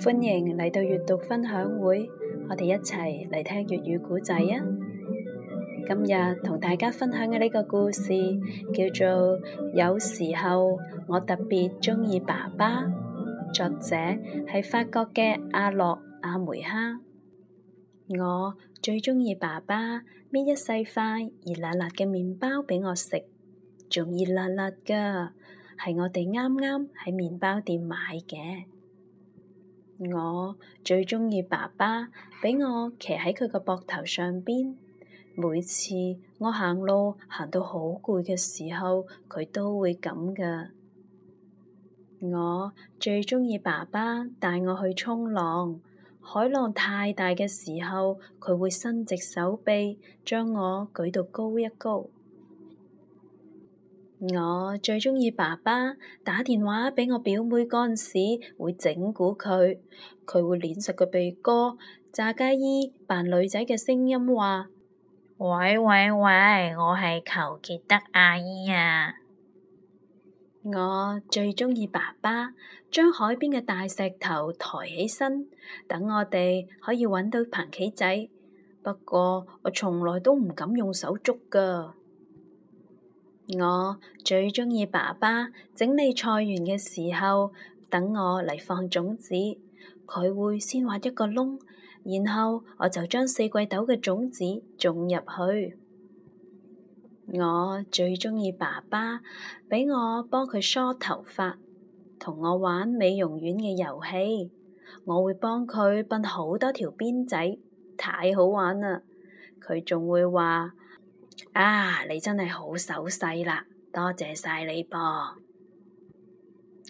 歡迎嚟到閱讀分享會，我哋一齊嚟聽粵語古仔啊！今日同大家分享嘅呢個故事叫做《有時候我特別鍾意爸爸》，作者係法國嘅阿洛阿梅哈。我最鍾意爸爸搣一細塊熱辣辣嘅麵包畀我食，仲熱辣辣噶，係我哋啱啱喺麵包店買嘅。我最鍾意爸爸畀我騎喺佢個膊頭上邊，每次我行路行到好攰嘅時候，佢都會咁噶。我最鍾意爸爸帶我去衝浪，海浪太大嘅時候，佢會伸直手臂將我舉到高一高。我最鍾意爸爸打電話畀我表妹嗰陣時，會整蠱佢，佢會捏實個鼻哥，炸雞姨扮女仔嘅聲音話：喂喂喂，我係求其得阿姨啊！我最鍾意爸爸將海邊嘅大石頭抬起身，等我哋可以揾到蟛蜞仔。不過我從來都唔敢用手捉㗎。我最鍾意爸爸整理菜園嘅時候，等我嚟放種子，佢會先挖一個窿，然後我就將四季豆嘅種子種入去。我最鍾意爸爸畀我幫佢梳頭髮，同我玩美容院嘅遊戲，我會幫佢搵好多條辮仔，太好玩啦！佢仲會話。啊！你真係好手勢啦，多謝晒你噃！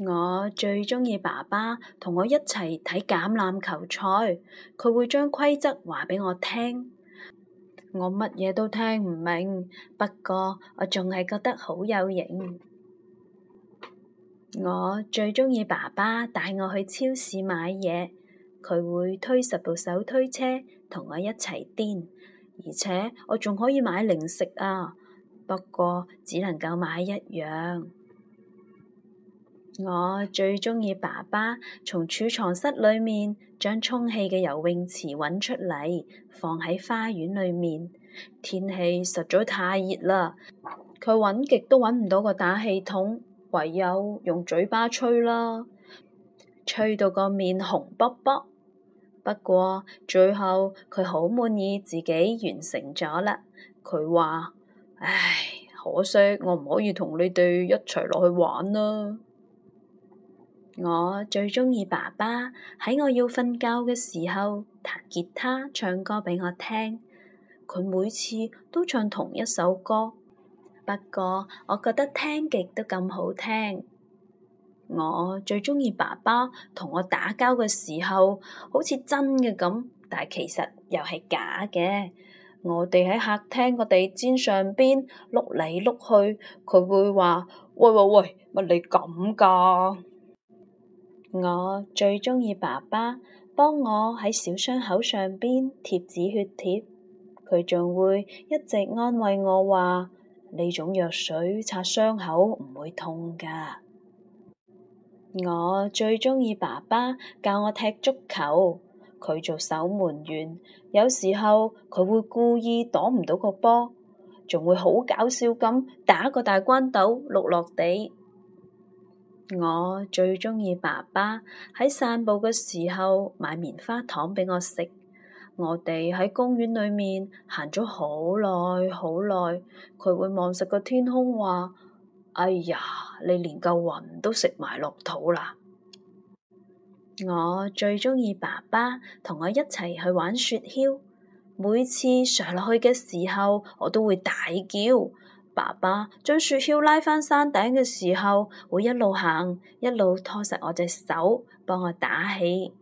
我最鍾意爸爸同我一齊睇橄欖球賽，佢會將規則話畀我聽，我乜嘢都聽唔明，不過我仲係覺得好有型。我最鍾意爸爸帶我去超市買嘢，佢會推十部手推車同我一齊癲。而且我仲可以買零食啊，不過只能夠買一樣。我最鍾意爸爸從儲藏室裏面將充氣嘅游泳池揾出嚟，放喺花園裏面。天氣實在太熱啦，佢揾極都揾唔到個打氣筒，唯有用嘴巴吹啦，吹到個面紅卜卜。不過最後佢好滿意自己完成咗啦。佢話：唉，可惜我唔可以同你哋一齊落去玩啦。我最鍾意爸爸喺我要瞓覺嘅時候彈吉他唱歌畀我聽。佢每次都唱同一首歌，不過我覺得聽極都咁好聽。我最鍾意爸爸同我打交嘅時候，好似真嘅咁，但係其實又係假嘅。我哋喺客廳個地氈上邊碌嚟碌去，佢會話：喂喂喂，乜你咁噶？我最鍾意爸爸幫我喺小傷口上邊貼止血貼，佢仲會一直安慰我話：呢種藥水擦傷口唔會痛噶。我最鍾意爸爸教我踢足球，佢做守門員，有時候佢會故意擋唔到個波，仲會好搞笑咁打個大關斗碌落地。我最鍾意爸爸喺散步嘅時候買棉花糖畀我食，我哋喺公園裏面行咗好耐好耐，佢會望實個天空話。哎呀！你連個雲都食埋落肚啦！我最鍾意爸爸同我一齊去玩雪橇，每次上落去嘅時候，我都會大叫。爸爸將雪橇拉返山頂嘅時候，會一路行，一路拖實我隻手，幫我打氣。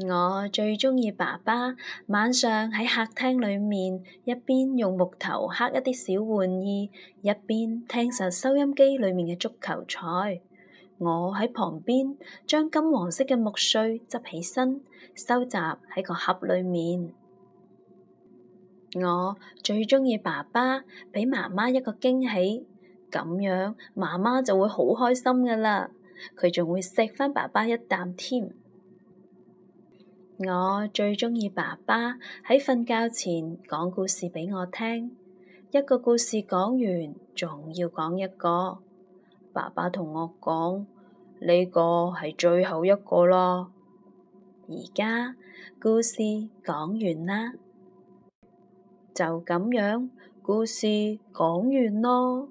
我最鍾意爸爸晚上喺客廳裏面一邊用木頭刻一啲小玩意，一邊聽晒收音機裏面嘅足球賽。我喺旁邊將金黃色嘅木碎執起身，收集喺個盒裏面。我最鍾意爸爸畀媽媽一個驚喜，咁樣媽媽就會好開心㗎喇，佢仲會錫翻爸爸一啖添。我最鍾意爸爸喺瞓覺前講故事畀我聽，一個故事講完，仲要講一個。爸爸同我講，呢個係最後一個咯，而家故事講完啦，就咁樣，故事講完咯。